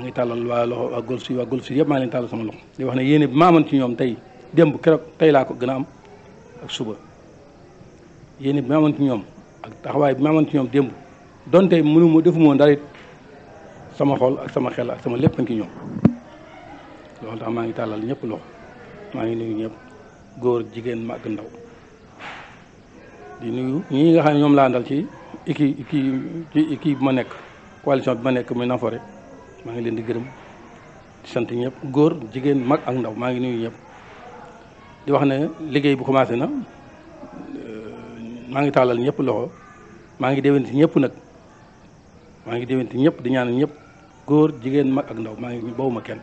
maa ngi tàllal waa loxo waa Golf Sud waa Golf Sud yëpp maa ngi leen tàllal sama loxo di wax ne yéene bi maa mën ci ñoom tey démb keroog tey laa ko gën a am ak suba yéene bi maa ci ñoom ak taxawaay bi maa ci ñoom démb donte mënuma defuma woon dara sama xol ak sama xel ak sama lépp a ngi ñoom loolu tax maa ngi tàllal ñëpp loxo maa ngi nuyu ñëpp góor jigéen mag ndaw di nuyu ñi nga xam ne ñoom laa àndal ci équipe ci équipe bi ma nekk coalition bi ma nekk muy Nafoore maa ngi leen di gërëm di sant ñëpp góor jigéen mag ak ndaw maa ngi nuyu ñëpp di wax ne liggéey bu commencé na maa ngi tàllal ñëpp loxo maa ngi déwénti ñëpp nag maa ngi déwénti ñëpp di ñaanal ñëpp góor jigéen mag ak ndaw maa ngi bawu ma kenn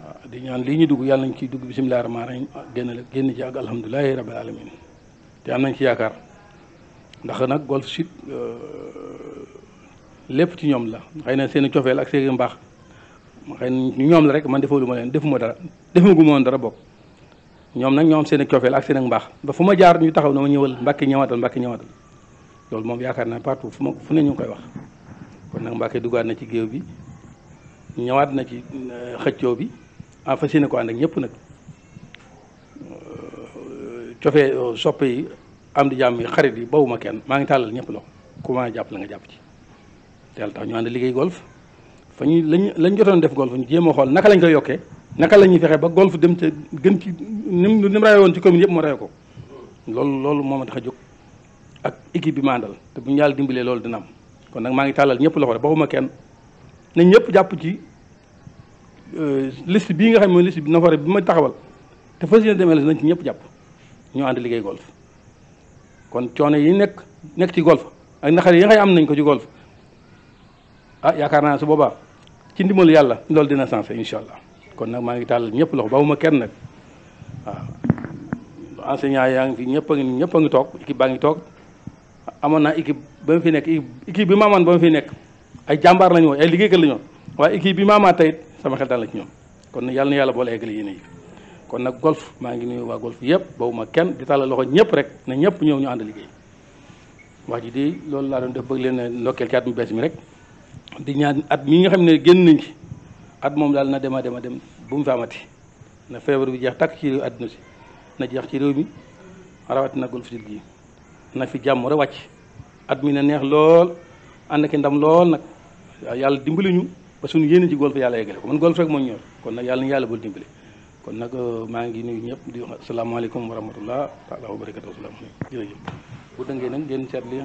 waaw di ñaan lii ñu dugg yàlla nañ ciy dugg bisimilah rahmaan rahim génn la génn ci ak alhamdulilahi rabil alamin te am nañ ci yaakaar ndax nag Golf Sud lépp ci ñoom la xëy na seen cofeel ak seen mbaax xëy na ñoom la rek man defoo lu ma leen defuma dara defuma gu ma dara bokk ñoom nag ñoom seen cofeel ak seen mbaax ba fu ma jaar ñu taxaw na ma ñëwal mbàkki ñëwaatal mbàkki ñëwaatal loolu moom yaakaar naa partout fu ma fu ne ñu koy wax kon nag mbàkki duggaat na ci géew bi ñëwaat na ci euh, xëccoo bi en fas yéene ko ànd nag euh, cofee euh, soppe am di jàmm yi xarit yi bawuma kenn maa ngi tàllal ñëpp loo ku ma jàpp la nga jàpp ci te yàlla tax ñu ànd liggéey golf fa ñuy lañ lañ jotoon def golf ñu jéem a xool naka lañ koy yokkee naka la ñuy fexe ba golf dem ca gën ci ni mu ni mu woon ci commune yëpp moo rawe ko loolu loolu moo ma tax a jóg ak équipe bi mandal te bu yàlla dimbalee loolu dina kon nag maa ngi tàllal ñëpp loxo rek bawuma kenn na ñëpp jàpp ci euh, liste bii nga xam ne mooy liste bi Nafoore bi ma taxawal te fas yéene demee la nañ ci ñëpp jàpp ñu ànd liggéey golf kon coono yi nekk nekk ci golf ak naqar yi nga xam am nañ ko ci golf ah yaakaar naa su boobaa ci ndimalu yàlla loolu dina sensé incha allah kon nag maa ngi tàllal ñëpp loxo bawuma kenn nag waaw enseignant yaa ñëpp a ngi toog équipe baa ngi toog amoon naa équipe ba mu fi nekk équipe bi maamaan ba mu fi nekk ay jàmbaar lañu woon ay liggéeykat lañu woon waaye équipe bi maamaa tey sama xel daal la ci ñoom kon yàlla na yàlla boole eggali yéen yi kon nag golf maa ngi nuyu waa golf yëpp bawuma kenn di tàllal loxo ñëpp rek na ñëpp ñëw ñu ànd liggéey wax ji di loolu laa doon def bëgg mi rek di ñaan at mi nga xam ne génn nañ ci at moom daal na dema dema dem bu mu fi amati na feebar bi jeex takk ci réew si na jeex ci réew mi rawatina Golf Sud gi na fi at mi na neex lool ànd ak ndam lool nag yàlla dimbali ñu ba suñu yéene ci golf yàlla yeggale ko man golf rek moo ñor kon nag yàlla na yàlla bul dimbali kon nag euh, maa ngi nuyu ñëpp di wax asalaamaaleykum wa rahmatullah a wa barakatu asalaamaaleykum jërëjëf bu dëngee nag ngeen seet li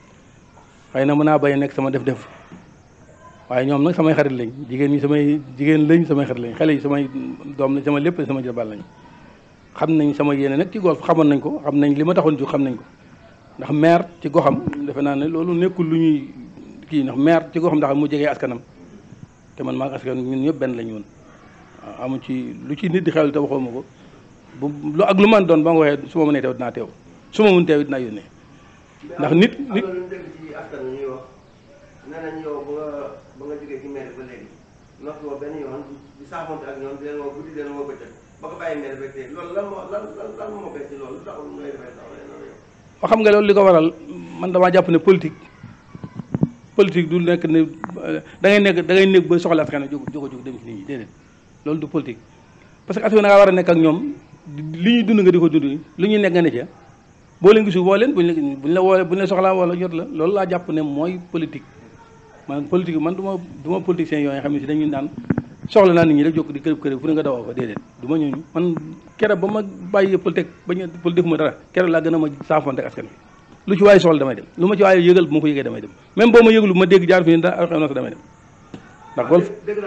xëy na mën naa bañ a sama def-def waaye ñoom nag xarit lañ jigéen ñi samay jigéen lañ samay xarit lañ xale yi samay doom lañ sama lépp sama jabal lañ xam nañ sama yéene nag ci xamoon nañ ko xam nañ li ma taxoon ju xam nañ ko ndax maire ci goxam defe naa ne loolu nekkul lu ñuy kii ndax maire ci goxam ndax mu jegee askanam te man maag askan ñun ñëpp benn lañ woon waaw amu ci lu ci nit di xewal te waxoo ma ko ak lu man doon ba nga waxee su ma mënee teew dinaa teew su ma mun teew it dinaa yónnee ndax nit nit am na ci askan ñuy wax nee nañ yow ba nga ba nga jógee ci maire ba léegi noppi woo benn yoon di saafonte ak ñoom di leen woo guddi leen woo bëccëg ba ko bàyyi maire rek tey loolu lan moo lan lan lan moo bees ci loolu lu taxul ngay defee sax loolu yow. ba xam nga loolu li ko waral man damaa jàpp ne politique politique du nekk ne da ngay nekk da ngay nekk ba soxla askan jóg jóg jóg dem ci nit ñi déedéet loolu du politique parce que askan da ngaa war a nekk ak ñoom li ñuy dund nga di ko dund li ñuy nekk nga ne ca boo leen gisu woo leen buñ la buñ la woolee buñ la soxlaa wala jot la loolu laa jàpp ne mooy politique man politique man du ma du ma politicien yooyu xam ne si dañuy naan soxla naa nit ñi rek jokk di kërëb kërëb fu ne nga a fa déedéet du ma ñooñu man kere ba ma bàyyi politique bañ a politique ma dara kere laa gën a ma saafonte ak askan bi lu ci waaye soxla damay dem lu ma ci waaye yëgal bu ma ko yëgee damay dem même boo ma yëglu ma dégg jaar fi ne daa xew na ko damay dem ndax golf dégg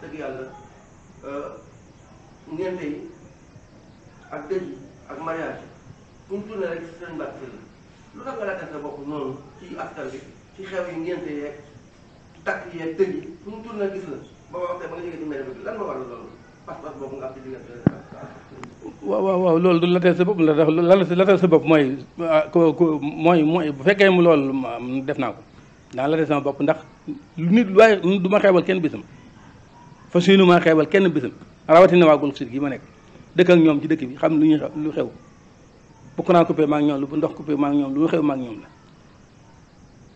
dëgg yàlla euh, ngénte yi ak dëj ak mariage yi ñu tourné rek seen mbàtt si la lu tax nga laajal sa bopp noonu ci askan bi ci xew yi ngénte yeeg takk yeeg dëj yi fu ñu tourné la ba wax tey ba nga jógee ci mbedd bi ma war loolu pas-pas boobu nga am ci diggante waaw waaw waaw loolu bopp la tax lateel sa bopp ko ah, ko mooy mooy bu fekkee mu loolu def naa ko daan lateel sama bopp ndax nit waaye du ma xeebal kenn bisam fas yéene maa xeebal kenn bésam rawatina waa Golf Sud gi ma nekk dëkk ñoom ci dëkk bi xam lu ñuy lu xew bu courant coupé maa ngi ñoom lu bu ndox coupé maa ñoom lu xew maa ngi ñoom la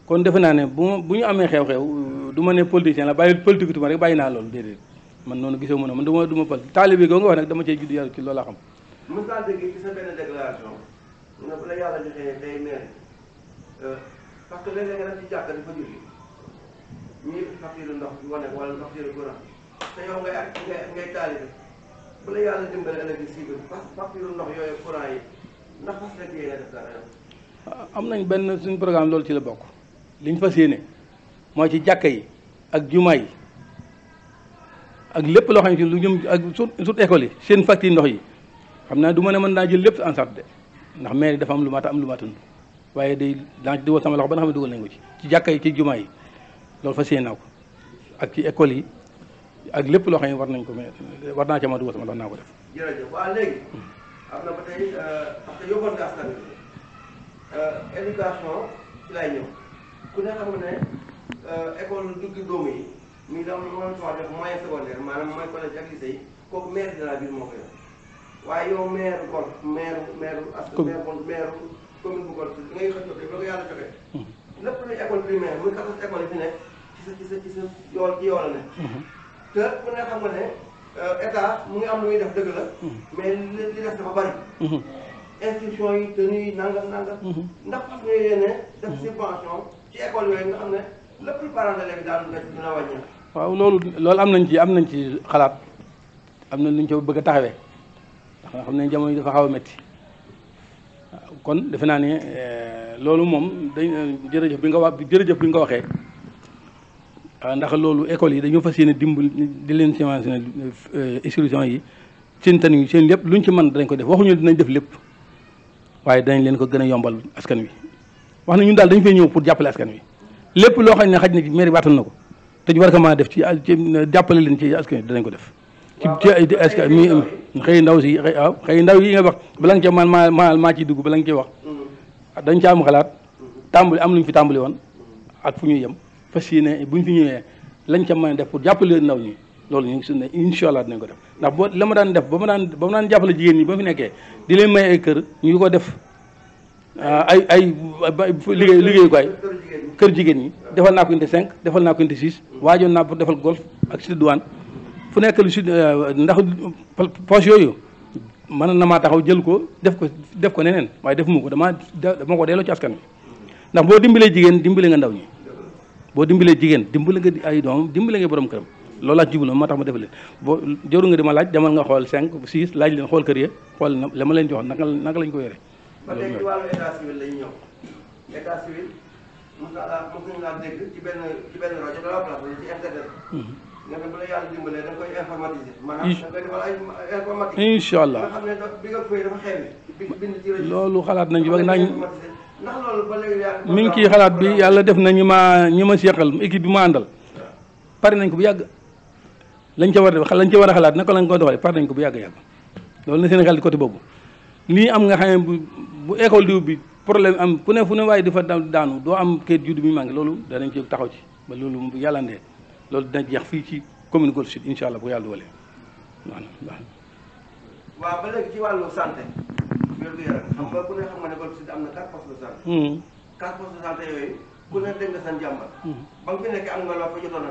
kon defe naa ne bu bu ñu amee xew-xew du ma ne politicien la bàyyi politique tuma rek bàyyi naa loolu déedéet man noonu gisoo ma ne man du ma du ma politique taalibe googu nga wax nag dama cee juddu yàlla ci loolu laa xam mos te ah, am nañ benn suñ programme loolu ci la bokk liñ fas yéene mooy ci jàkka yi ak jumaa yi ak lépp loo xam ne lu jëm ak sut école yi seen facture ndox yi xam naa du ma ne mën naa jël lépp en charge de ndax mairie dafa am lu maata am lu maatund waaye day daa ci dugal sama loxo ba nga xam ne dugal nañ ko ci ci jàkka yi ci jumaa yi lool fa yéene naa ak ci école yi ak lépp loo xam ne war nañ ko mais war naa ca ma dugal sama léegi am na ba tey euh, parce que yóbboon nga askan bi euh, lay ñëw ku ne xam ne euh, école dugg doomu yi muy daaw mooy soxla def moyen secondaire maanaam mooy collège ak lycée yi kooku maire de la moo koy def waaye yow maire Golf maire maire askan maire Golf maire commune bu Golf bi ngay xëccoo te lépp luy école primaire muy 14 école yi fi nekk ci sa ci sa ci ci yool la nekk. Hmm. te ku ne xam ne euh, état mu ngi am lu muy def dëgg la. Hmm. mais li def dafa bari. Hmm. institution yi tenues nangam nangam. Hmm. ndax am nga yéene def subvention ci école yooyu nga xam ne le plus parent de léegi daal dina wàññeeku. waaw loolu loolu am nañ ci am nañ ci xalaat am na lu ñu ci bëgg a taxawee ndax nga xam ne jamono yi dafa xaw a métti kon defe naa ne euh, loolu moom dañ jërëjëf bi nga wax jërëjëf bi nga waxee. Euh, ndax loolu école yi dañoo fas yéene dimbali di leen subventionné euh, institution yi seen tani seen lépp luñ ci mën danañ ko def waxuñu dinañ def lépp waaye danañ leen ko gën a yombal askan wi wax na daal dañu fay ñëw pour jàppale askan wi lépp loo xam ne xaj na ci mairie baatal na ko te ñu war def ci jàppale leen ci askan danañ ko def ci mi xëy ndaw si waaw xëy ndaw yi nga wax bala nga cee man maa maa maa ci dugg bala nga cee wax mm-hmm. dañ ca am xalaat mm-hmm. tàmbali am luñ fi tàmbali woon ak fu ñuy yem fas yéene bu ñu fi ñëwee lañ ca mën a def pour jàppale ndaw ñi loolu ñu ngi suñu ne incha dinañ ko def ndax boo la ma daan def ba ma daan ba ma daan jàppale jigéen ñi ba fi nekkee di leen may ay kër ñu ko def ah, ay ay liggéey liggéey ko ay kër jigéen ñi defal naa ko inte cinq defal naa ko inte six waajoon naa pour defal golf ak sud douane fu nekk lu sud euh, ndax poche yooyu mën na maa taxaw jël ko def ko def ko neneen waaye def mu ko damaa dama ko delloo ci askan bi ndax boo dimbalee jigéen dimbale nga ndaw ñi boo dimbalee jigéen dimbale nga ay doomam dimbale nga borom këram loolu laa jublu moo tax ma def leen boo jëru nga di ma laaj demal nga xool cinq six laaj leen xool kër ya xool na la ma leen jox naka naka ko yore. ba tey ci wàllu koy informatiser. loolu xalaat nañ ci ba nañ. mi ngi xalaat bi yàlla def na ñu ma ñu ma seqal équipe bi ma àndal pare nañ ko bu yàgg lañ ca war a def lañ ca war a xalaat naka lañ ko doxalee pare nañ ko bu yàgg-yàgg loolu na seen xel di côté boobu lii am nga xam bu bu école diw bi problème am ku ne fu ne waaye di fa daanu doo am kayit juddu bi maa ngi loolu danañ ci taxaw ci ba loolu bu yàllandee loolu dina jeex fii ci commune Golf Sud incha allah bu yàlla dugalee waaw wérgu yaram hmm. xam hmm. hmm. nekk am nga loo fa jotoon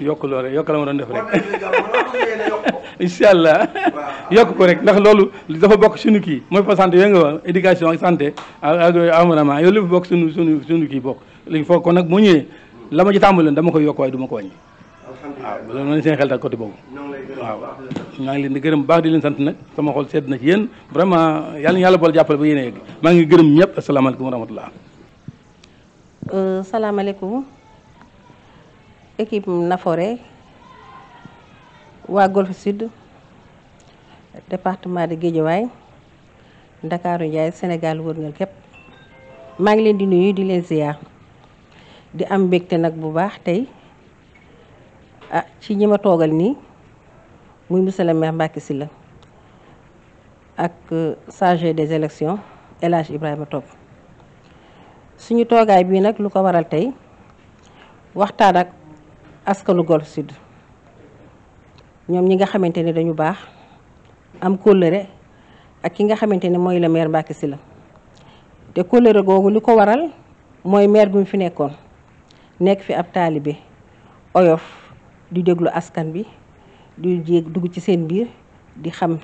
yokk loolu yokk la ma doon def rek. boo loolu ko yéene yokk ko. incha allah yokk ko rek ndax loolu dafa bokk suñu kii mooy fa santé yooyu nga wax éducation ak santé ak environnement yow li fa bokk sunu suñu suñu kii bokk léegi foofu kon nag bu ñëwee la ma ci tàmbaloon dama ko yokk waaye du ma ko wàññi waaw loolu mooy seen xel daal côté boobu maa ngi leen di gërëm baax di leen sant nag sama xol sedd na ci yéen vraiment yàlla na yàlla bool jàppale ba yéen yegg maa ngi gërëm ñëpp asalaamaaleykum wa rahmatullah euh, salaamaaleykum équipe Nafoore waa Golf Sud département de Guédiawaye Ndakaaru Ndiaye Sénégal wërngal képp maa ngi leen di nuyu di leen ziar di am mbégte nag bu baax tey ah ci ñi ma toogal nii muy monsieur le maire Mbacké Sylla ak euh, chargé des élections El Hadj Ibrahima toog suñu toogaay bii nag lu ko waral tey waxtaan ak askanu Golf Sud ñoom ñi nga xamante ne dañu baax am kóllëre ak ki nga xamante ne mooy le maire Mbacké Sylla te kóllëre googu li ko waral mooy maire bi fi nekkoon nekk fi ab taalibe oyof di déglu askan bi di jéeg dugg ci seen biir di xam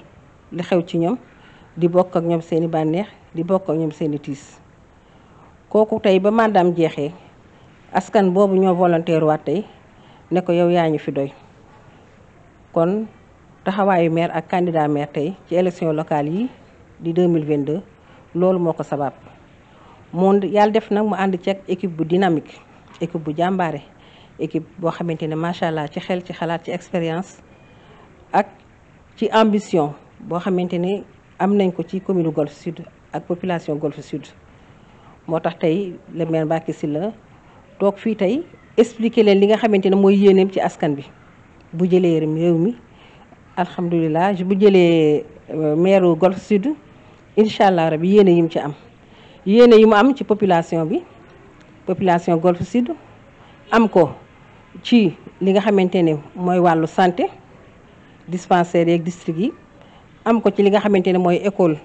li xew ci ñoom di bokk ak ñoom seeni bànneex di bokk ak ñoom seeni tiis kooku tey ba mandaam jeexee askan boobu ñoo volontaire waat tey ne ko yow yaa ñu fi doy kon taxawaayu meer ak candidat maire tey ci élection locale yi di 2022 loolu moo ko sabab moom yàlla def nag mu ànd ci équipe bu dynamique équipe bu jàmbaare équipe boo xamante ne macha allah ci xel ci xalaat ci expérience ak ci ambition boo xamante ne am nañ ko ci commune Golf Sud ak population Golf Sud moo tax tey le maire Mbacké la toog fii tey expliquer leen li nga xamante ne mooy yéeneem ci askan bi bu jëlee réew mi alhamdulilah bu jëlee euh, maire Golf Sud incha allah rabi yéene yi mu ci am yéene yi mu am ci population bi population Golf Sud am ko ci li nga xamante ne mooy wàllu santé dispensaires yeeg district yi am ko ci li nga xamante ne mooy école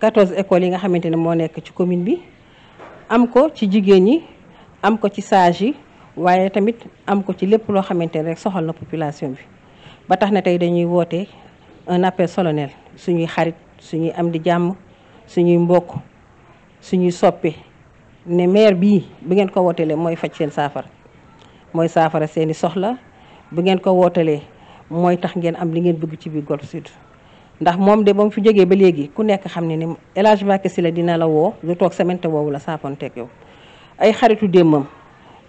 14 école yi nga xamante ne moo nekk ci commune bi am ko ci jigéen ñi am ko ci sage yi waaye tamit am ko ci lépp loo xamante ne rek soxal na population bi ba tax na tey dañuy woote un appel solennel suñuy xarit suñuy am di jàmm suñuy mbokk suñuy soppe ne maire bii bu ngeen ko wootelee mooy faj seen saafara mooy saafara seeni soxla bu ngeen ko wootelee mooy tax ngeen am li ngeen bëgg ci biir Golf Sud ndax moom de ba mu fi jógee ba léegi ku nekk xam ne ni El Hadj Mbacké Sylla dina la woo lu toog semaine te woowu la saafonteeg yow ay xaritu démbam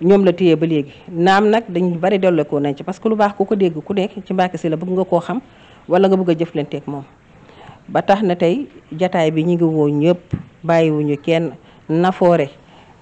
ñoom la téye ba léegi naam nag dañu bari delloo ko nañ ci parce que lu baax ku ko dégg ku nekk ci Mbacké la bëgg nga koo xam wala nga bëgg a jëf jëflanteeg moom ba tax na tey jataay bi ñu ngi woo ñëpp bàyyiwuñu kenn nafoore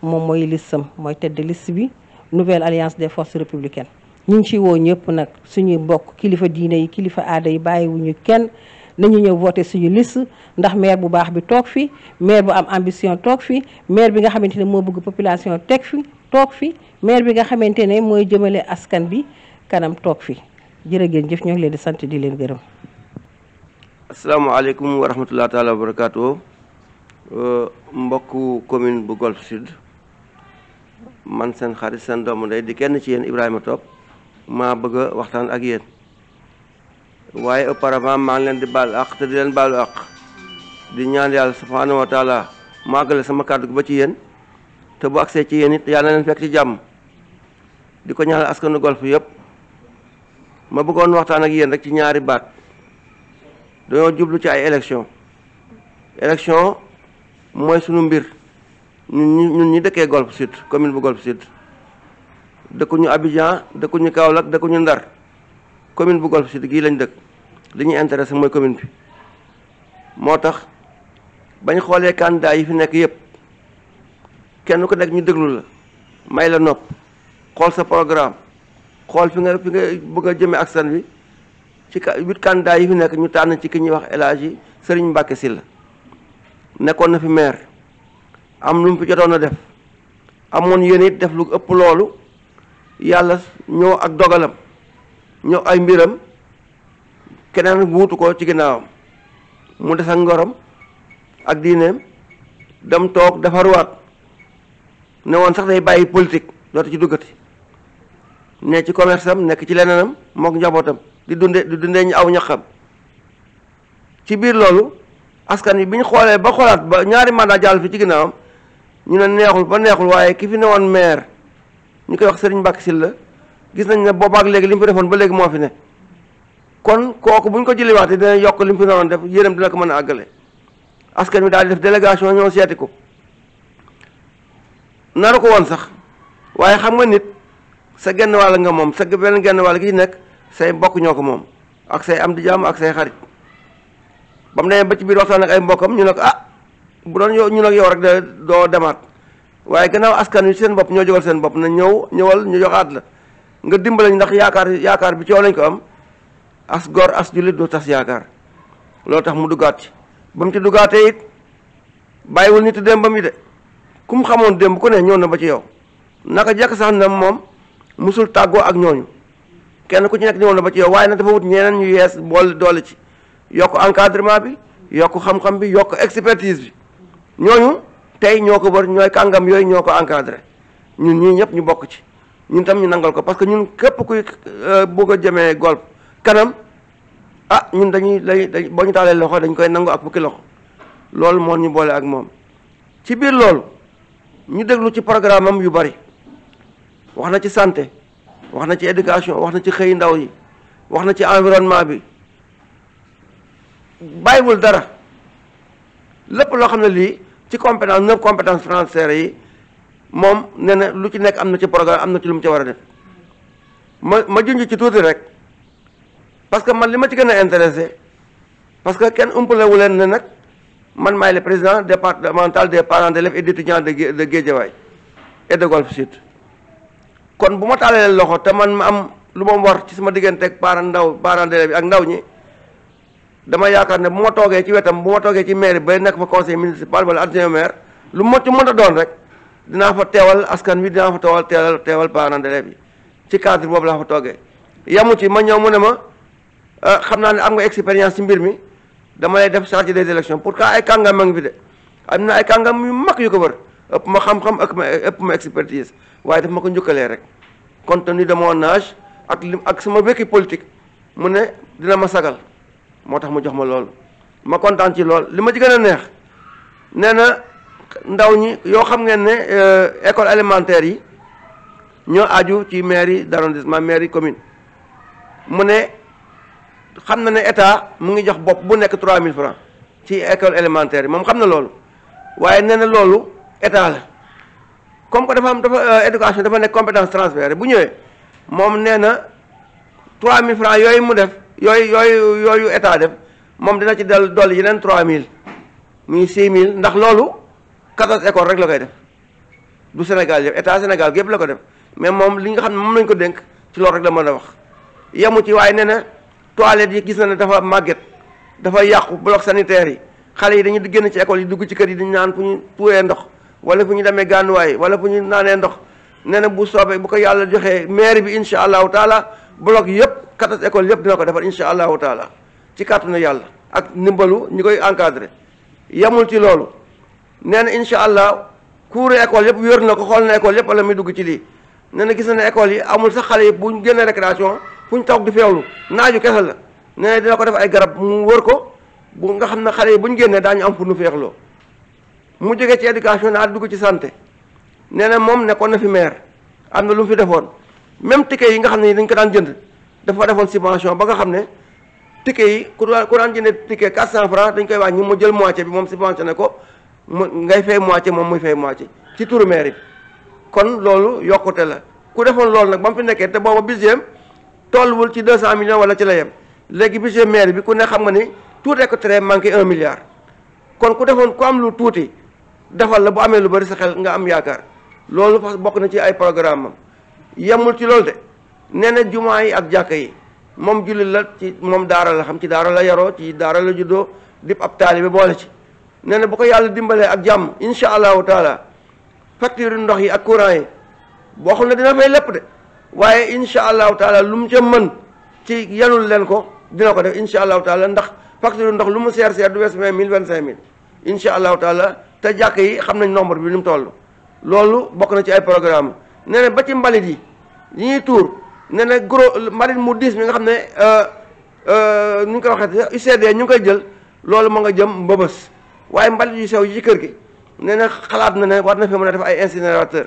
moom mooy listam mooy tedd liste bi nouvelle alliance des forces républicaines ñu ngi ciy woo ñëpp nag suñuy mbokk kilifa diine yi kilifa aada yi bàyyiwuñu kenn nañu ñëw voté suñu list ndax maire bu baax bi toog fi maire bu am ambition toog fi maire bi nga xamante ne moo bëgg population teg fi toog fi maire bi nga xamante ne mooy jëmale askan bi kanam toog fi jërë ngeen jëf ñoo ngi leen di sant di leen gërëm. asalaamaaleykum wa rahmatulah taalaa wa barakaatu euh, mbokku commune bu Golf Sud man seen xarit doomu ndey di kenn ci yéen Ibrahima Top. maa bëgg a waxtaan ak yéen waaye auparavant maa ngi leen di baal àq te di leen baalu àq di ñaan yàlla subhaanahu wa taala maagale sama kàddu ba ci yéen te bu agsee ci yéen it yàlla na leen fekk ci jàmm di ko ñaanal askanu golf yëpp ma bëggoon waxtaan ak yéen rek ci ñaari baat dañoo jublu ci ay élection élection mooy sunu mbir ñun ñi ñun ñi dëkkee golf sud commune bu golf sud dëkku ñu Abidjan dëkkuñu Kaolack dëkkuñu Ndar commune bu Golf Sud gii lañ dëkk li ñuy intéressé mooy commune bi moo tax bañ xoolee candidat yi fi nekk yépp kenn ku nekk ñu déglu la may la nopp xool sa programme xool fi nga fi nga bëgg a jëmee ak san bi ci ka huit candidats yi fi nekk ñu tànn ci ki ñuy wax El Hadji Serigne Mbacké Sylla nekkoon na fi maire am lu mu fi jotoon a def amoon yéen it def lu ëpp loolu yàlla ñëw ak dogalam ñëw ay mbiram keneen wuutu ko ci ginnaawam mu des ak ngorom ak diineem dem toog defaruwaat ne woon sax day bàyyi politique dootu ci duggati ne ci commerce am nekk ci leneenam mook njabootam di dunde di dundee ñu aw ñaxam ci biir loolu askan yi bi ñu xoolee ba xoolaat ba ñaari mandat jàll fi ci ginnaawam ñu ne neexul ba neexul waaye ki fi newoon maire ñu koy wax sëriñ Mbàkke Sylla gis nañ ne boobaak léegi li mu fi defoon ba léegi moo fi ne kon kooku bu ñu ko jëlee waxte dina yokk lim mu fi naroon def yéenam dina ko mën àggale askan wi daal di def ñoo seeti ko naru ko woon sax waaye xam nga nit sa genn wàll nga moom sa benn genn wàll gi nekk say mbokk ko moom ak say am di jàmm ak say xarit ba mu demee ba ci biir waxtaan ñu ne ko ah bu doon ñu nag yow rek de doo demaat waaye gannaaw askan wi seen bopp ñoo jógal seen bopp na ñëw ñëwal ñu joxaat la nga dimbalañ ndax yaakaar yaakaar bi coow lañ ko am as gor as jullit doo tas yaakaar loolu tax mu duggaat ci ba mu ci duggaatee it bàyyiwul nit démbam yi de ku mu xamoon démb ku ne ñëw na ba ci yow naka jekk sax na moom musul tàggoo ak ñooñu kenn ku ci nekk ñëw na ba ci yow waaye nag dafa wut ñeneen ñu yees bool doole ci yokk encadrement bi yokk xam-xam bi yokk expertise bi ñooñu tey ñoo ko war ñooy kàngam yooyu ñoo ko encadré ñun ñii ñëpp ñu bokk ci ñun tam ñu nangal ko parce que ñun képp kuy euh, bëgg a jëmee golf kanam a ah, ñun dañuy lay dañ boo ñu taalee loxo dañ koy nangu ak fukki loxo loolu moo ñu boole ak moom. ci biir loolu ñu déglu ci programme am yu bari wax na ci santé wax na ci éducation wax na ci xëy ndaw yi wax na ci environnement bi bàyyiwul dara lépp loo xam ne lii. ci compétence neuf compétence transfert yi moom nee na lu ci nekk am na ci programme am na ci lu mu ci war a def ma ma junj ci tuuti rek parce que man li ma ci gën a intéressé parce que kenn umpale wu leen ne nag man maay le président départemental des parents d'élèves et d'étudiants de de Guédiawaye et de Golf Sud kon bu ma taalee loxo te man ma am lu ma war ci sama digganteeg parents ndaw parents d'élèves bi ak ndaw ñi dama yaakaar ne bu ma toogee ci wetam bu ma toogee ci maire bay nekk fa conseil municipal wala adjoint maire lu mot ci mën a doon rek dinaa fa teewal askan wi dinaa fa teewal teewal teewal parents d'élèves yi ci cadre boobu laa fa toogee. yamu ci ma ñëw mu ne ma euh, xam naa ne am nga expérience ci mbir mi damay def chargé des élections pour que ay kàngam a ngi de am na ay kàngam yu mag yu ko wër ëpp ma xam-xam ëpp ma ëpp ma expertise waaye daf ma ko njukkalee rek compte tenu de mon ak li ak sama vécu politique mu ne dina ma sagal. moo tax mu jox ma lool ma kontaan ci lool li ma ci gën a neex nee na ndaw ñi yoo xam ngeen ne euh, école élémentaire yi ñoo aju ci mairie d'arrondissement mairie commune mu ne xam na ne état mu ngi jox bopp bu nekk mille francs ci école élémentaire yi moom xam na loolu waaye nee na loolu état la comme que dafa am dafa euh, éducation dafa nekk compétence transférée bu ñëwee moom nee na 3000 francs yooyu mu def yooyu yooyu yooyu état def moom dana ci del dolli yeneen trois mille muy six mille ndax loolu quatorze école rek la koy def du Sénégal yëpp état Sénégal gépp la ko def mais moom li nga xam ne moom lañ ko dénk ci loolu rek la mën a wax yemu ci waaye nee na toilettes yi gis na ne dafa màgget dafa yàqu bloc sanitaire yi xale yi dañuy génn ci école yi dugg ci kër yi dañu naan fu ñu tuuree ndox wala fu ñu demee gànnuwaay wala fu ñu naanee ndox nee na bu soobee bu ko yàlla joxee maire bi incha allahu taala bloc yëpp quatorze école yëpp dina ko defar insha allahu taala ci kàttanu yàlla ak ndimbalu ñi koy encadré yamul ci loolu nee na incha allah kuuru école yëpp wéer na ko xool na école yëpp wala muy dugg ci lii nee na gis na ne école yi amul sax xale yi bu ñu génnee récréation fu ñu toog di feewlu naaju kese la nee na dina ko def ay garab mu wër ko bu nga xam ne xale yi bu ñu génnee daañu am fu nu feexloo mu jógee ci éducation naa dugg ci santé nee na moom nekkoon na fi maire am na lu fi defoon même ticket yi nga xam ne dañ ko daan jënd dafa defoon subvention ba nga xam ne ticket yi ku daan ku daan jëndee ticket 400 francs dañ koy ñi mu jël moitié bi moom ne ko mu ngay fay moitié moom muy fay moitié ci turu maire yi kon loolu yokkute la ku defoon loolu nag ba mu fi nekkee te booba budget tolluwul ci 200 millions wala ci la yem léegi budget maire bi ku ne xam nga ni tout ko très manqué un milliard kon ku defoon ku am lu tuuti defal la bu amee lu bari sa xel nga am yaakaar loolu bokk na ci ay programme am yemul ci loolu de nee na jumaa yi ak jàkka yi moom jullit la ci moom daara la xam ci daara la yaroo ci daara la juddoo dip ab taalibe boole ci nee na bu ko yàlla dimbalee ak jàmm insha allahu taala facture ndox yi ak courant yi boo waxul ne dina fay lépp de waaye insha allahu taala lu mu ca mën ci yanul leen ko dina ko def insha allahu taala ndax facture ndox lu mu seer seer du wees vingt mille vingt cinq mille insha allahu taala te jàkk yi xam nañ nombre bi ni mu toll loolu bokk na ci ay programme nee na ba ci mbalit yi yi ñuy tuur nee na gros mbalit mu diis mi nga xam ne euh, euh, nu ñu koy waxee UCD ñu ngi koy jël loolu ma nga jëm mbëbës waaye mbalit yu sew yi ci kër gi nee na xalaat na ne war na fi mën a def ay incinérateur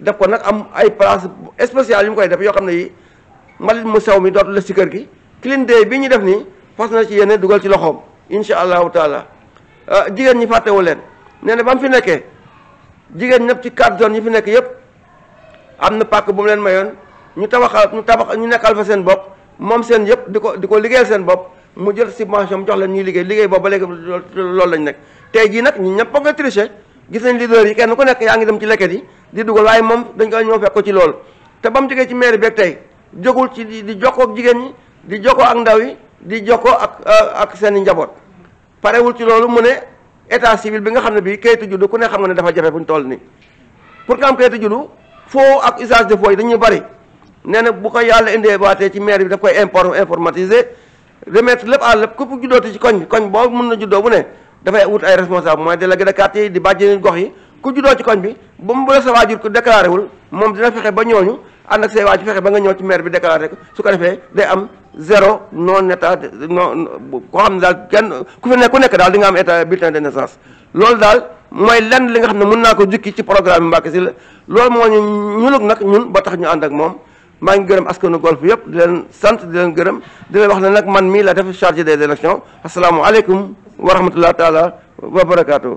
def ko nag am ay place spéciale yu mu koy def yoo xam ne yi mbalit mu sew mi dootul des ci kër gi clean day bi ñu def nii fas na ci yéene dugal ci loxoom incha allahu taala euh, jigéen ñi fàttewu leen nee na ba mu fi nekkee jigéen ñëpp ci quatre zones yi fi nekk yëpp am na pàkk bu mu leen mayoon ñu tabaxal ñu tabax ñu nekkal fa seen bopp moom seen yëpp di ko di ko liggéeyal seen bopp mu jël subvention mu jox leen ñuy liggéey liggéey boobu ba léegi loolu lañ nekk tey jii nag ñu ñëpp a nga triché gis nañ leader yi kenn ku nekk yaa ngi dem ci leket yi di dugal waaye moom dañ ko ñoo fekk ko ci loolu te ba mu jógee ci mairie beeg tey jógul ci di jokkoo ak jigéen ñi di jokkoo ak ndaw yi di jokkoo ak euh, ak seen i njaboot parewul ci loolu mu ne état civil bi nga xam ne bii kayitu juddu ku ne xam nga ne dafa jafe bu ñu toll nii pour nga am kayitu foo ak usage de faux yi dañuy bari nee bu ko yàlla indee baatee ci maire bi daf koy import informatiser remettre lépp à lépp képp juddooti ci koñ koñ boo mën na juddoo bu ne dafay wut ay responsable mooy délégué de quartier yi di bàjjenu gox yi ku juddoo ci koñ bi ba mu bële sa waajur ko déclaré wul moom dina fexe ba ñooñu ànd ak say waajur fexe ba nga ñëw ci maire bi déclaré rek su ko defee day am zéro non état non koo xam ne daal kenn ku fi nekk nekk daal di nga am état bulletin de naissance loolu daal. mooy lenn li nga xam ne mën naa ko jukki ci programme bi Mbacké Sylla loolu moo ñu ñunug nag ñun ba tax ñu ànd ak moom maa ngi gërëm askanu golf yëpp di leen sant di leen gërëm di leen wax ne nag man mii la def chargé des élections asalaamualeykum wa rahmatullah taala wa barakaatu.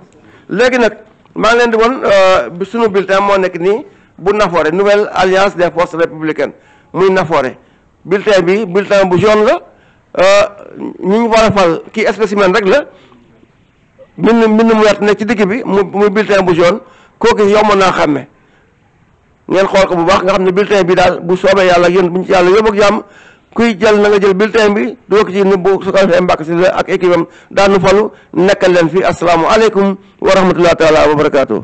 léegi nag maa ngi leen di won euh, sunu bulletin moo nekk nii bu Nafoore nouvelle alliance des forces républicaines muy Nafoore bulletin bi bulletin bu jaune la euh, ñu kii spécimen rek la. mbind mbind mu wert nekk ci dikk bi mu muy bulletin bu jaune kooku yomb naa xàmme ngeen xool ko bu baax nga xam ne bulletin bi daal bu soobee yàlla ak yéen bu ñu yàlla yóbbu ak jàmm kuy jël na nga jël bulletin bi doo ko ci ne bu su ko defee mbàkk si la ak équipe daanu falu nekkal leen fii asalaamaaleykum aleykum rahmatulah taalaa wa barakaatu.